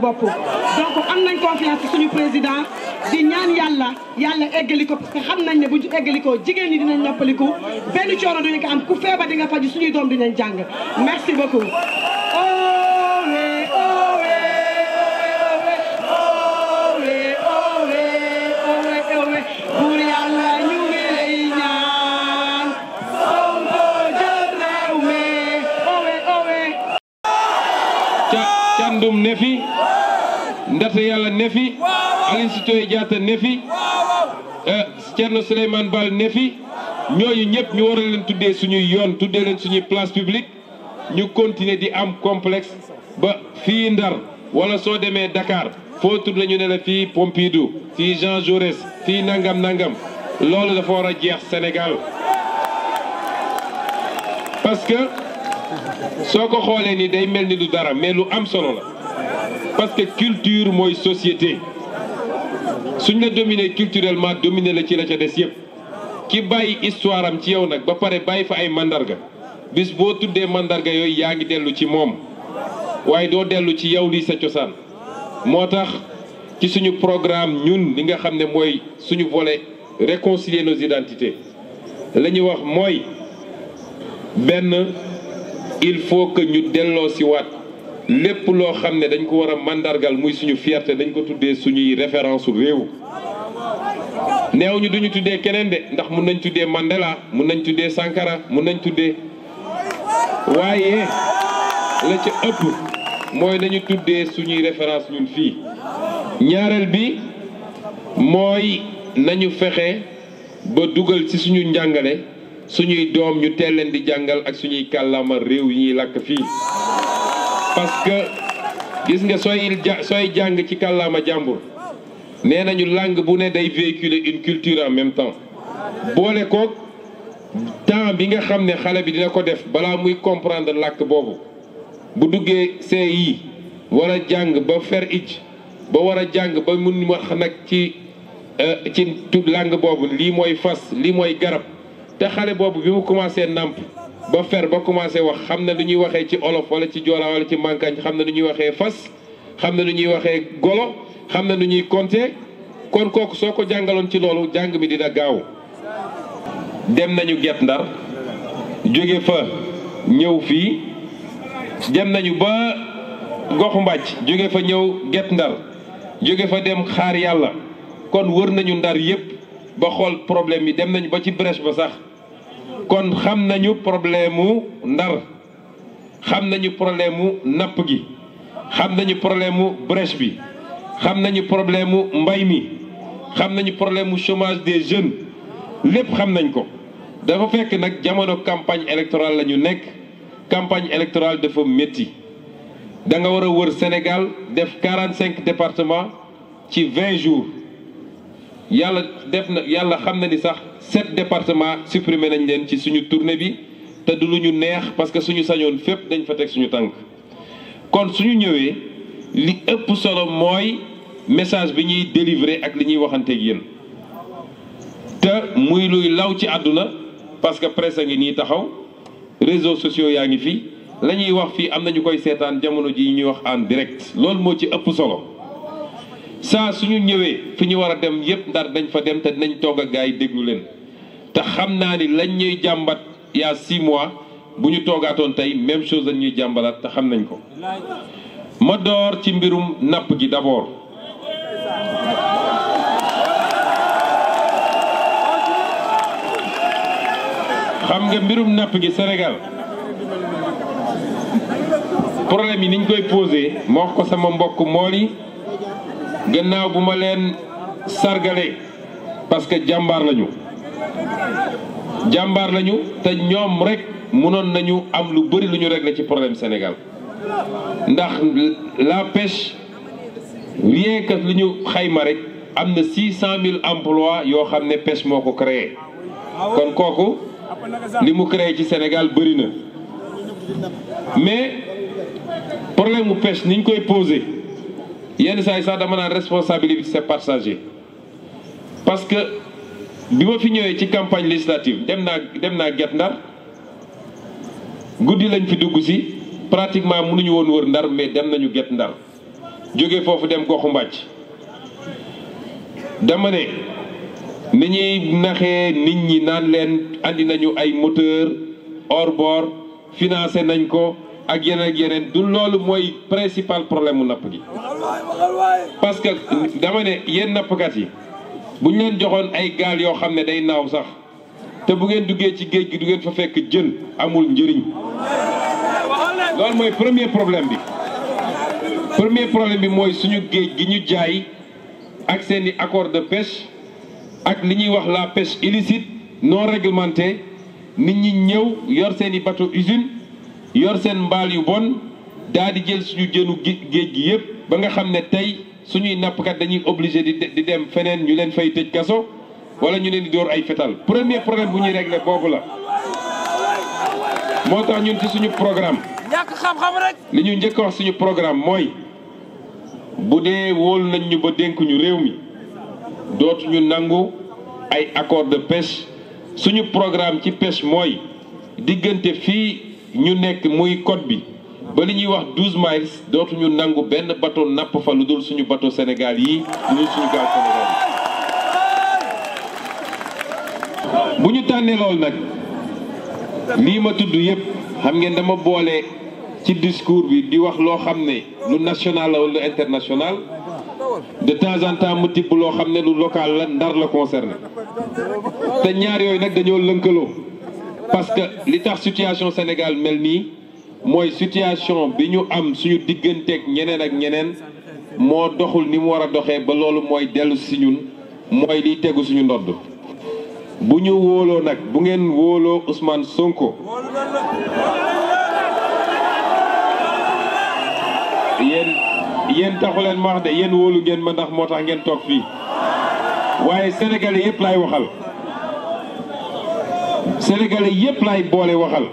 seen bopp donc am nañ confiance suñu président di ñaan yàlla yàlla eggali ko parce que xam nañ ne bu eggali ko jigéen ñi dinañ noppaliku benn coono duñu ko am ku feebar di nga faju suñuy doom dinañ jàng merci beaucoup Ndata Yàlla ne fi Aline Sitoé Diatta ne fi eh, Thierno Souleymane Bal ne fi ñooñu ñëpp ñu war a leen tuddee suñuy yoon tuddee leen suñuy place publique ñu continuer di am complexe ba fii Ndar wala soo demee dakaar foo tudd la ñu ne la fii Pompidou fii Jean joures fii nangam nangam loolu dafa war a jeex senegal parce que soo ko xoolee ni day mel ni du dara mais lu am solo la. parce que culture moy société Si la dominer culturellement dominer la ci la des yépp ki histoire ci yow ba fa ay mandarga bis bo tuddé mandarga ci ci yow sa ci suñu programme ñun li nga xamné ne volet réconcilier nos identités wax il faut que ñu lépp loo xam ne dañ ko war a màndargal muy suñu fierte dañ ko tuddee suñuy référence su réew neew ñu duñu tuddee keneen de ndax mun nañ tuddee Mandela mun nañ tuddee Sankara mun nañ tuddee waaye la ca ëpp mooy nañu tuddee suñuy référence ñun fii ñaareel bi mooy nañu fexe ba dugal ci suñu njàngale suñuy doom ñu teel leen di jàngal ak suñuy kàllaama réew yi ñuy làkk fii parce que gis nga sooy sooy jàng ci kàllaama jàmbur nee nañu langue bu ne day véhiculer une culture en même temps boole koog temps bi nga xam ne xale bi dina ko def balaa muy comprendre làkk boobu bu duggee CI war a jàng ba fer ij ba war a jàng ba mun wax nag ci euh, ci langue boobu lii mooy fas lii mooy garab te xale boobu bi mu commencé nàmp ba fer ba commencé wax xam lu ñuy waxee ci olof wala ci joola wala ci mankañ xam na lu ñuy waxee fas xam lu ñuy waxee golo xam na lu ñuy compter kon kooku soo ko jàngaloon ci loolu jàng mi dina gaaw dem nañu get ndar jóge fa ñëw fii dem nañu ba goxu mbàcc fa ndar fa dem xaar kon wër nañu ndar yépp ba xool problème yi dem nañu ba ci brèche ba sax kon xam nañu problème mu ndar xam nañu problème mu napp gi xam nañu problème mu brèche bi xam nañu problème mu mbay mi xam nañu problème mu chômage des jeunes lépp xam nañ ko dafa fekk nag jamono campagne électorale la ñu nekk campagne électorale dafa métti da nga war a wër Sénégal def 45 départements ci 20 jours yàlla def yàlla xam na ni sax sept départements supprimé nañ leen ci suñu tournée bi te du lu ñu parce que suñu sañoon fépp dañ fa teg suñu tànk kon suñu ñëwee li ëpp solo message bi ñuy délivrer ak li ñuy nous yéen te muy luy law ci parce que presse est ngi nii taxaw réseaux sociaux yaa ngi fi la ñuy wax fii am na koy seetaan jamono ji ñuy direct loolu moo ci saa suñu ñëwee fi ñu war a dem yépp ndar dañ fa dem te nañ toog ak gars déglu leen te xam naa ni lañ ñuy jàmbat il y a mois bu ñu toogaatoon tey même chose lañ ñuy jàmbalaat te xam nañ ko ma door ci mbirum napp gi d'abord xam nga mbirum napp gi senegal problème yi niñ koy posé moo ko sama mbokk mool yi gannaaw bu ma leen sargale parce que jàmbaar lañu jàmbaar lañu te ñoom rek mënoon nañu am lu bëri lu ñu régler ci problème Sénégal ndax la pêche rien que lu ñu xayma rek am na 600000 emplois yoo xam ne pêche moo ko créer kon kooku li mu créé ci Sénégal bëri na mais problème mu pêche niñ koy posé. yenn saa yi sax dama naan responsabilité c'est partagé parce que bi ma fi ñëwee ci campagne législative dem naa dem naa Guet Ndar guddi lañ fi dugg si pratiquement mënuñu woon wër Ndar mais dem nañu Guet Ndar jóge foofu dem goxu mbàcc dama ne ni ñuy naxee nit ñi naan leen andi nañu ay moteur hors-bord financé nañ ko ak yeneen ak yeneen du loolu mooy principal problème mu napp gi. parce que dama ne yéen nappkat yi bu ñu leen joxoon ay gaal yoo xam ne day naaw sax te bu ngeen duggee ci géej gi du ngeen fa fekk jën amul njëriñ loolu mooy premier problème bi. premier problème bi mooy suñu géej gi ñu jaay ak seen i accord de pêche ak ni ñuy wax la pêche illicite non réglementée nit ñi ñëw yor seen i usine. yor seen mbaal yu bon daal di jël suñu jënu géej gi yépp ba nga xam ne tey suñuy nappkat dañuy obligé di di dem feneen ñu leen fay tëj kaso wala ñu leen di door ay fetal premier problème bu ñuy réglé boobu la moo tax ñun ci suñu programme ñàkk xam-xam rek li ñu njëkk wax suñu programme mooy bu dee wool nañ ñu ba dénkuñu réew mi dootuñu nangu ay accord de pêche suñu programme ci pêche mooy diggante fii ñu nekk muy côte bi ba li ñuy wax douze miles dootuñu nangu benn bateau napp fa lu dul suñu bateau Sénégal yi lu dul suñu bu ñu tànnee lool nag lii ma tudd yépp xam ngeen dama boole ci discours bi di wax loo xam ne lu national la lu international de temps en temps mu tibb loo xam ne lu local la ndar la conserné te ñaar yooyu nag dañoo lënkaloo. parce que li tax situation Sénégal mel nii mooy situation bi ñu am suñu digganteeg ñeneen ak ñeneen moo doxul ni mu war a doxee ba loolu mooy dellu si ñun mooy liy tegu suñu ndodd bu ñu wóoloo nag bu ngeen wóoloo Ousmane Sonko yéen yéen taxu leen ma wax de yéen wóolu ngeen ma ndax moo tax ngeen toog fii waaye sénégalais yëpp lay waxal sénégalais yépp laay boole waxal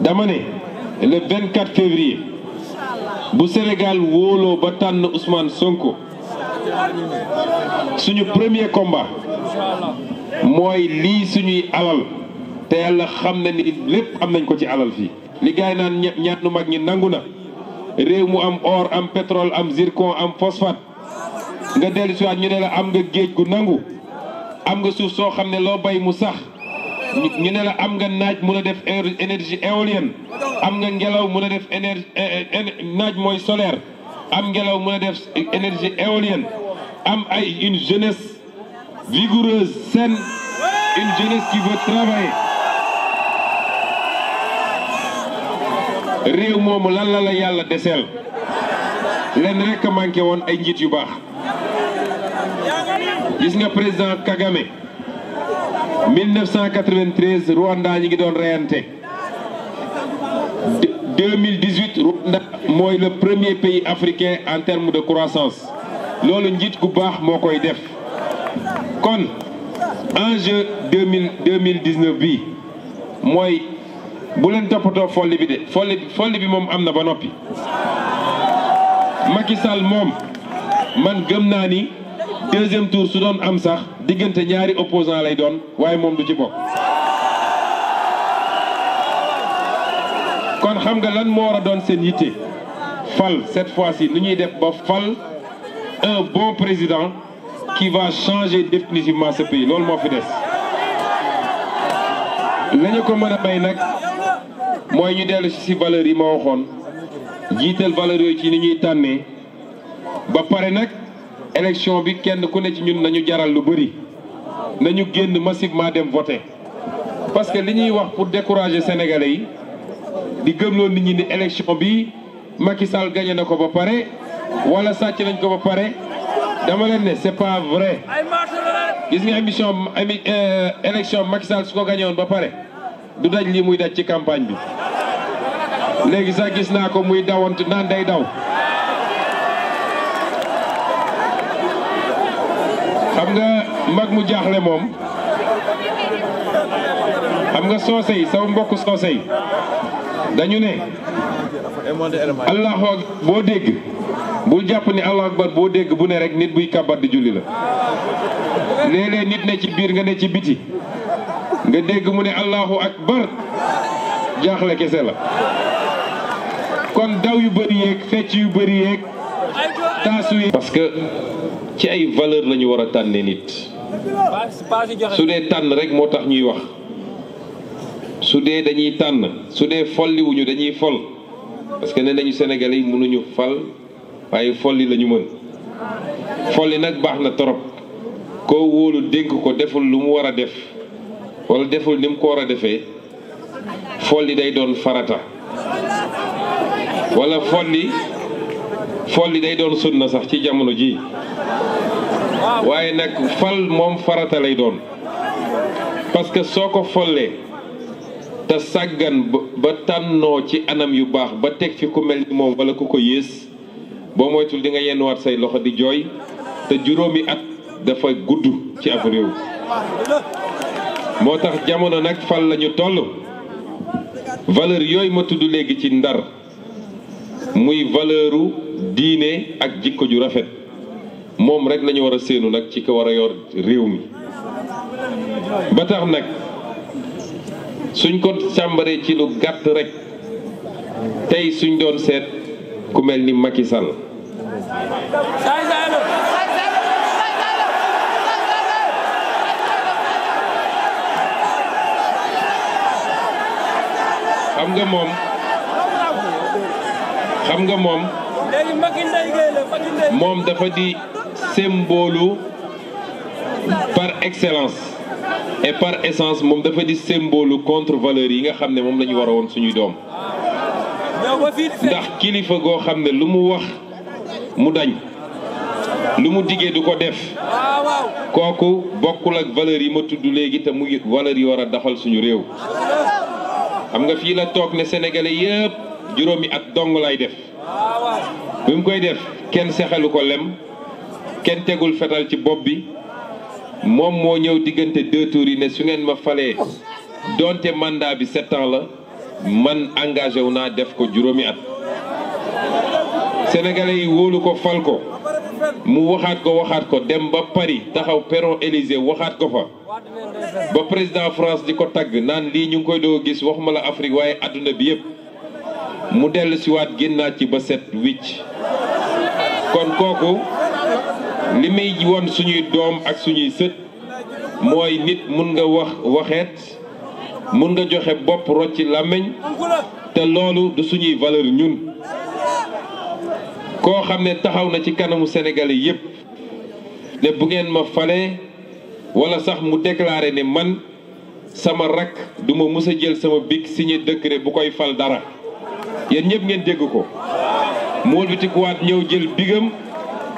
dama ne le bu senegal wóoloo ba tànn usmaan Sonko suñu premier combat mooy lii suñuy alal te yàlla xam na ni lépp am nañ ko ci alal fii. liggaay gaay naan ñaat nu mag ñi nangu na réew mu am or am pétrole am zircon am phosphate nga dellu si ñu ne la am nga géej gu nangu am nga suuf soo xam ne loo bay mu sax. ñu ne la am nga naaj mun a def énergie éolienne am nga ngelaw mun a def énergie mooy solaire am ngelaw mun a def énergie éolienne am ay une jeunesse vigoureuse saine une jeunesse qui veut travailler réew moomu lan la la yàlla deseel leen rek a manqué woon ay njiit yu baax gis nga président Kagame 1993 Rwanda ñi ngi doon reyante 2018 Rwanda moy le premier pays africain en termes de croissance lolu njiit gu bax mo koy def kon jeu 2000 2019 bi moy bu len topato folli bi de folli folli bi mom amna ba nopi Macky Sall mom man gëm na ni deuxième tour su doon am sax diggante ñaari opposant lay doon waye mom du ci bok kon xam nga lan mo wara doon seen fal cette fois-ci nu ñuy def ba fal un bon président qui va changer définitivement ce pays lool mo fi des. la ko mëna a may nag mooy ñu ci ci valeur yi ma waxoon jiital valeurs yooyu ci ni ñuy tanné ba paré nak élection bi kenn ku ne ci ñun nañu jaral lu bëri nañu génn massivement dem voter parce que li ñuy wax pour décourager sénégalais yi di gëmloo nit ñi ni élection bi Macky Sall gagné na ko ba pare wala sàcc nañ ko ba pare dama leen ne c'est pas vrai gis nga émission émi euh, élection Macky Sall su ko gagné woon ba pare du daj lii muy daj ci campagne bi léegi sax gis naa ko muy dawantu naan day daw. xam nga mag mu jaaxle moom xam nga soose yi sama mbokku soose dañu ne allahu ak boo dégg bul jàpp ni allahu akbar boo dégg bu ne rek nit buy kàbbat di julli la léeg-léeg nit ne ci biir nga ne ci biti nga dégg mu ne allahu akbar jaaxle kese la kon daw yu bëri yeeg fecc yu bëri yeeg taasuy parce que ci ay valeur la ñu war a tànnee nit su dee tànn rek moo tax ñuy wax su dee dañuy tànn su dee folliwuñu dañuy fol parce que ne nañu Sénégalais yi mënuñu fal waaye folli lañu ñu mën folli nag baax na torop koo wóolu dénk ko deful lu mu war a def wala deful ni mu ko war a defee folli day doon farata wala folli folli day doon sunna sax ci jamono ji waaye nag fal moom farata lay doon parce que soo ko follee te sàggan ba tànnoo ci anam yu baax ba teg ci ku mel ni moom wala ku ko yées boo moytul di nga waat say loxo di jooy te juróomi at dafa gudd ci ab réew moo tax jamono nag fal lañu toll valeur yooyu ma tudd léegi ci ndar muy valeuru diine ak jikko ju rafet moom rek la ñu war a séenu nag ci ko war yor réew mi ba tax nag suñ ko càmbaree ci lu gàtt rek tey suñ doon seet ku mel ni Macky Sall xam nga moom xam nga moom mom dafa di symbole par excellence et par essence mom dafa di symbole contre valeur yi nga xamné mom lañu ndax kilifa go xamné lu mu wax mu dañ lu mu du def koku bokul ak valeur yi ma tuddu légui té valeur yi wara suñu xam nga la tok né sénégalais lay bi mu koy def kenn sexalu ko lem kenn tegul fetal ci bopp bi moom moo ñëw diggante deux yi ne su ngeen ma falee donte mandat bi sept la man engage wu naa def ko juróomi at senegale yi wóolu ko fal ko mu waxaat ko waxaat ko dem ba Paris taxaw perron Élysée waxaat ko fa ba président France di ko tagg naan lii ñu ngi koy doo gis waxuma la Afrique waaye àdduna bi yëpp mu dellusiwaat siwaat génnaat ci ba set wicc kon kooku li muy woon suñuy doom ak suñuy sët mooy nit mun nga wax waxeet mun nga joxe bopp rocci làmmiñ te loolu du suñuy valeur ñun koo xam ne taxaw na ci kanamu sénégalais yépp ne bu ngeen ma fale wala sax mu déclaré ne man sama rakk duma mës a jël sama big signé décret bu koy fal dara yéen ñëpp ngeen dégg ko mu wëlbatikuwaat ñëw jël bigam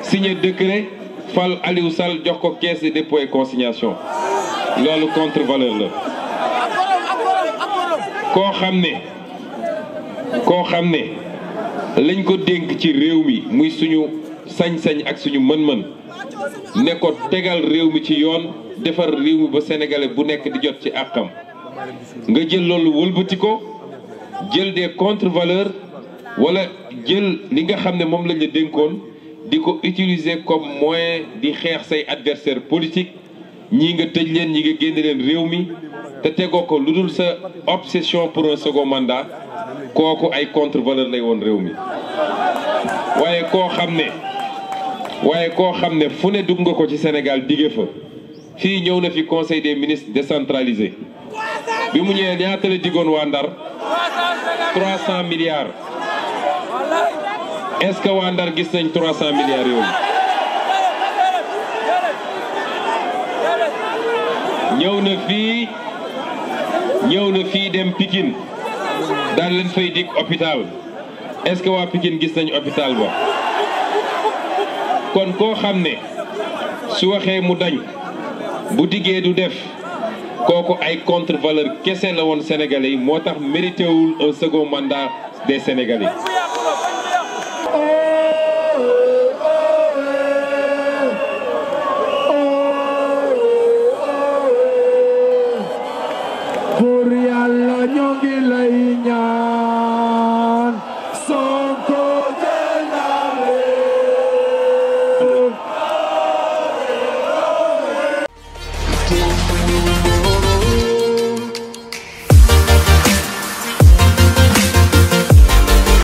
signé décret fal Aliou Sall jox ko keese de dépôt consignation loolu contre valeur la koo xam ne koo xam ne lañ ko dénk ci réew mi muy suñu sañ-sañ ak suñu mën-mën ne ko tegal réew mi ci yoon defar réew mi ba sénégalais bu nekk di jot ci àqam nga jël loolu wëlbati ko jël des contre-valeurs wala jël li nga xam ne moom lañ la dénkoon di ko utiliser comme moyen di xeex say adversaire politique ñii nga tëj leen ñi nga génne leen réew mi te tegoo ko lu dul sa obsession pour un second mandat kooku ay contre-valeur lay woon réew mi waaye koo xam ne waaye koo xam ne fu ne dugg nga ko ci Sénégal digge fa fii ñëw na fi conseil des ministres décentralisé bi mu ñëwee ñaata la diggoon waa Ndar 300 milliards est-ce que waa Ndar gis nañ 300 milliards yooyu. ñëw na fii ñëw na fii dem Pikine daal leen fay dig hôpital est-ce que waa Pikine gis nañu hôpital ba. kon koo xam ne su waxee mu dañ bu diggee du def. kooku ay contre valeur kese la woon sénégalais moo tax mérité wul un second mandat des sénégalais